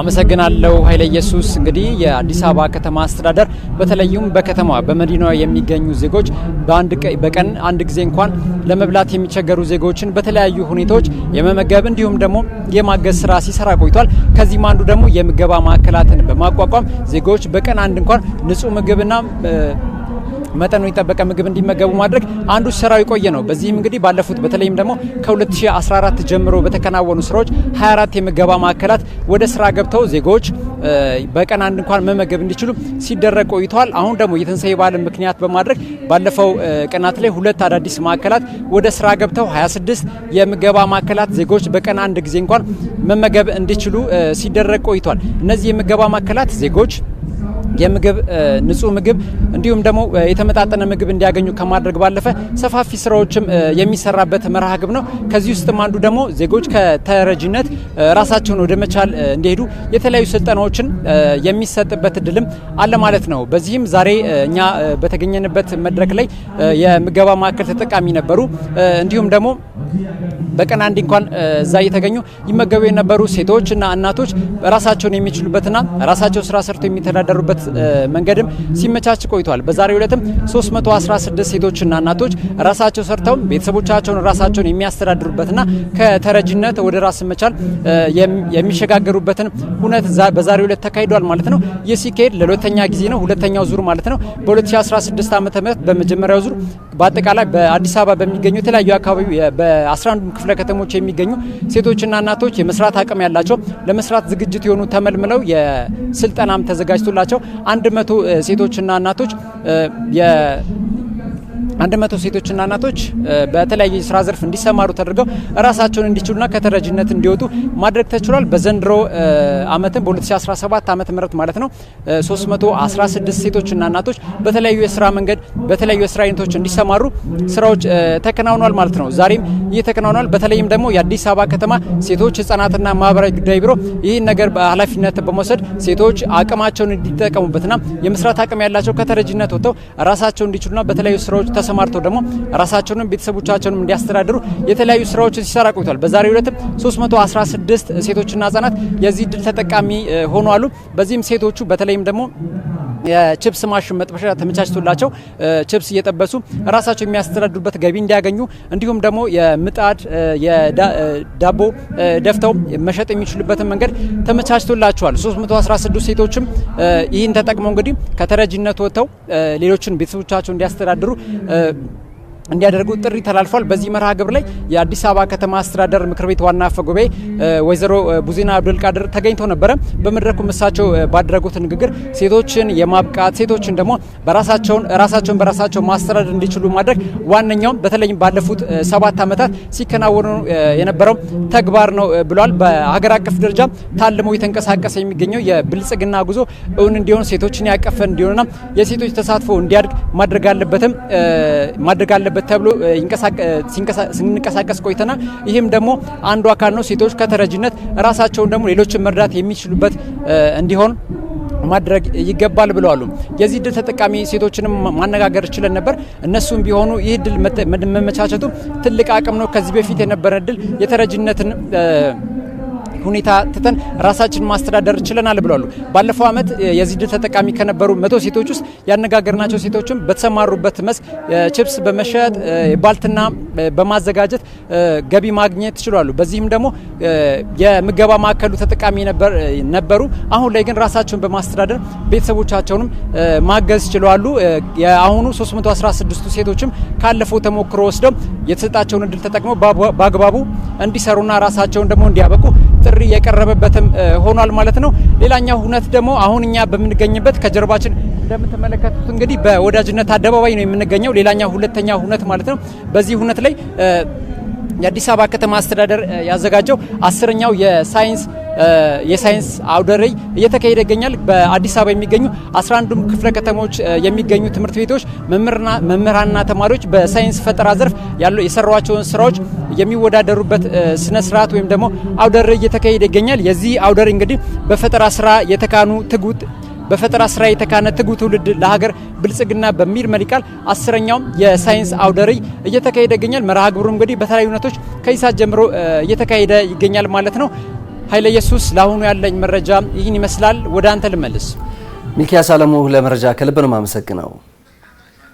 አመሰግናለሁ ኃይለ ኢየሱስ። እንግዲህ የአዲስ አበባ ከተማ አስተዳደር በተለይም በከተማ በመዲናዋ የሚገኙ ዜጎች በአንድ በቀን አንድ ጊዜ እንኳን ለመብላት የሚቸገሩ ዜጎችን በተለያዩ ሁኔታዎች የመመገብ እንዲሁም ደግሞ የማገዝ ስራ ሲሰራ ቆይቷል። ከዚህም አንዱ ደግሞ የምገባ ማዕከላትን በማቋቋም ዜጎች በቀን አንድ እንኳን ንጹህ ምግብና መጠኑ የጠበቀ ምግብ እንዲመገቡ ማድረግ አንዱ ስራው የቆየ ነው። በዚህም እንግዲህ ባለፉት በተለይም ደግሞ ከ2014 ጀምሮ በተከናወኑ ስራዎች 24 የምገባ ማዕከላት ወደ ስራ ገብተው ዜጎች በቀን አንድ እንኳን መመገብ እንዲችሉ ሲደረግ ቆይተዋል። አሁን ደግሞ የትንሳኤ በዓልን ምክንያት በማድረግ ባለፈው ቀናት ላይ ሁለት አዳዲስ ማዕከላት ወደ ስራ ገብተው 26 የምገባ ማዕከላት ዜጎች በቀን አንድ ጊዜ እንኳን መመገብ እንዲችሉ ሲደረግ ቆይቷል። እነዚህ የምገባ ማዕከላት ዜጎች የምግብ ንጹህ ምግብ እንዲሁም ደግሞ የተመጣጠነ ምግብ እንዲያገኙ ከማድረግ ባለፈ ሰፋፊ ስራዎችም የሚሰራበት መርሃ ነው። ከዚህ ውስጥም አንዱ ደግሞ ዜጎች ከተረጂነት ራሳቸውን ወደ መቻል እንዲሄዱ የተለያዩ ስልጠናዎችን የሚሰጥበት እድልም አለ ማለት ነው። በዚህም ዛሬ እኛ በተገኘንበት መድረክ ላይ የምገባ ማዕከል ተጠቃሚ ነበሩ። እንዲሁም ደግሞ በቀን አንድ እንኳን እዛ እየተገኙ ይመገቡ የነበሩ ሴቶችና እናቶች ራሳቸውን የሚችሉበትና ራሳቸው ስራ ሰርተው የሚተዳደሩበት መንገድም ሲመቻች ቆይቷል። በዛሬው ዕለትም 316 ሴቶችና እናቶች ራሳቸው ሰርተው ቤተሰቦቻቸውን ራሳቸውን የሚያስተዳድሩበትና ከተረጅነት ወደ ራስ መቻል የሚሸጋገሩበትን ሁነት በዛሬው ዕለት ተካሂዷል ማለት ነው። ይህ ሲካሄድ ለሁለተኛ ጊዜ ነው፣ ሁለተኛው ዙር ማለት ነው። በ2016 ም በመጀመሪያው ዙር በአጠቃላይ በአዲስ አበባ በሚገኙ የተለያዩ አካባቢ በ11 ክፍለ ከተሞች የሚገኙ ሴቶችና እናቶች የመስራት አቅም ያላቸው ለመስራት ዝግጅት የሆኑ ተመልምለው የስልጠናም ተዘጋጅቶላቸው አንድ መቶ ሴቶችና እናቶች አንድ መቶ ሴቶችና እናቶች በተለያየ የስራ ዘርፍ እንዲሰማሩ ተደርገው ራሳቸውን እንዲችሉና ከተረጅነት እንዲወጡ ማድረግ ተችሏል። በዘንድሮ አመትም በ2017 ዓመተ ምህረት ማለት ነው 316 ሴቶችና እናቶች በተለያዩ የስራ መንገድ በተለያዩ የስራ አይነቶች እንዲሰማሩ ስራዎች ተከናውኗል ማለት ነው። ዛሬም ይህ ተከናውኗል። በተለይም ደግሞ የአዲስ አበባ ከተማ ሴቶች ህጻናትና ማህበራዊ ጉዳይ ቢሮ ይህን ነገር በኃላፊነት በመውሰድ ሴቶች አቅማቸውን እንዲጠቀሙበትና የመስራት አቅም ያላቸው ከተረጅነት ወጥተው ራሳቸውን እንዲችሉና በተለያዩ ስራዎች ተሰማርተው ደግሞ ራሳቸውንም ቤተሰቦቻቸውንም እንዲያስተዳድሩ የተለያዩ ስራዎችን ሲሰራ ቆይቷል። በዛሬው ዕለትም 316 ሴቶችና ህጻናት የዚህ ድል ተጠቃሚ ሆኖ አሉ። በዚህም ሴቶቹ በተለይም ደግሞ የችፕስ ማሽን መጥበሻ ተመቻችቶላቸው ችፕስ እየጠበሱ ራሳቸው የሚያስተዳድሩበት ገቢ እንዲያገኙ እንዲሁም ደግሞ የምጣድ የዳቦ ደፍተው መሸጥ የሚችሉበትን መንገድ ተመቻችቶላቸዋል። 316 ሴቶችም ይህን ተጠቅመው እንግዲህ ከተረጂነት ወጥተው ሌሎችን ቤተሰቦቻቸው እንዲያስተዳድሩ 呃。እንዲያደርጉ ጥሪ ተላልፏል። በዚህ መርሃ ግብር ላይ የአዲስ አበባ ከተማ አስተዳደር ምክር ቤት ዋና አፈ ጉባኤ ወይዘሮ ቡዜና አብዱልቃድር ተገኝተው ነበረ። በመድረኩ እሳቸው ባደረጉት ንግግር ሴቶችን የማብቃት ሴቶችን ደግሞ በራሳቸውን ራሳቸውን በራሳቸው ማስተዳደር እንዲችሉ ማድረግ ዋነኛውም በተለይም ባለፉት ሰባት ዓመታት ሲከናወኑ የነበረው ተግባር ነው ብሏል። በሀገር አቀፍ ደረጃ ታልሞ የተንቀሳቀሰ የሚገኘው የብልጽግና ጉዞ እውን እንዲሆን ሴቶችን ያቀፈ እንዲሆንና የሴቶች ተሳትፎ እንዲያድግ ማድረግ አለበትም ማድረግ አለበት አለበት ተብሎ ስንንቀሳቀስ ቆይተና ይህም ደግሞ አንዱ አካል ነው። ሴቶች ከተረጅነት ራሳቸውን ደግሞ ሌሎችን መርዳት የሚችሉበት እንዲሆን ማድረግ ይገባል ብለዋሉ። የዚህ እድል ተጠቃሚ ሴቶችንም ማነጋገር ችለን ነበር። እነሱም ቢሆኑ ይህ እድል መመቻቸቱ ትልቅ አቅም ነው። ከዚህ በፊት የነበረ እድል የተረጅነትን ። ሁኔታ ትተን ራሳችን ማስተዳደር ችለናል ብለዋል። ባለፈው ዓመት የዚህ ድል ተጠቃሚ ከነበሩ መቶ ሴቶች ውስጥ ያነጋገርናቸው ሴቶችም በተሰማሩበት መስክ ችፕስ በመሸጥ ባልትና በማዘጋጀት ገቢ ማግኘት ችሏሉ። በዚህም ደግሞ የምገባ ማዕከሉ ተጠቃሚ ነበሩ። አሁን ላይ ግን ራሳቸውን በማስተዳደር ቤተሰቦቻቸውንም ማገዝ ችለዋሉ። የአሁኑ 316ቱ ሴቶችም ካለፈው ተሞክሮ ወስደው የተሰጣቸውን እድል ተጠቅመው በአግባቡ እንዲሰሩና ራሳቸውን ደግሞ እንዲያበቁ ጥሪ የቀረበበትም ሆኗል ማለት ነው። ሌላኛው ሁነት ደግሞ አሁን እኛ በምንገኝበት ከጀርባችን እንደምትመለከቱት እንግዲህ በወዳጅነት አደባባይ ነው የምንገኘው። ሌላኛው ሁለተኛ ሁነት ማለት ነው። በዚህ ሁነት ላይ የአዲስ አበባ ከተማ አስተዳደር ያዘጋጀው አስረኛው የሳይንስ የሳይንስ አውደ ርዕይ እየተካሄደ ይገኛል። በአዲስ አበባ የሚገኙ 11ዱም ክፍለ ከተሞች የሚገኙ ትምህርት ቤቶች መምህራንና ተማሪዎች በሳይንስ ፈጠራ ዘርፍ ያለው የሰሯቸውን ስራዎች የሚወዳደሩበት ስነ ስርዓት ወይም ደግሞ አውደር እየተካሄደ ይገኛል። የዚህ አውደር እንግዲህ በፈጠራ ስራ የተካኑ ትጉት በፈጠራ ስራ የተካነ ትጉ ትውልድ ለሀገር ብልጽግና በሚል መሪ ቃል አስረኛውም የሳይንስ አውደ ርዕይ እየተካሄደ ይገኛል። መርሃ ግብሩ እንግዲህ በተለያዩ ነቶች ከይሳት ጀምሮ እየተካሄደ ይገኛል ማለት ነው። ኃይለ ኢየሱስ፣ ለአሁኑ ያለኝ መረጃ ይህን ይመስላል። ወደ አንተ ልመልስ። ሚኪያስ አለሙ፣ ለመረጃ ከልብ ነው የማመሰግነው።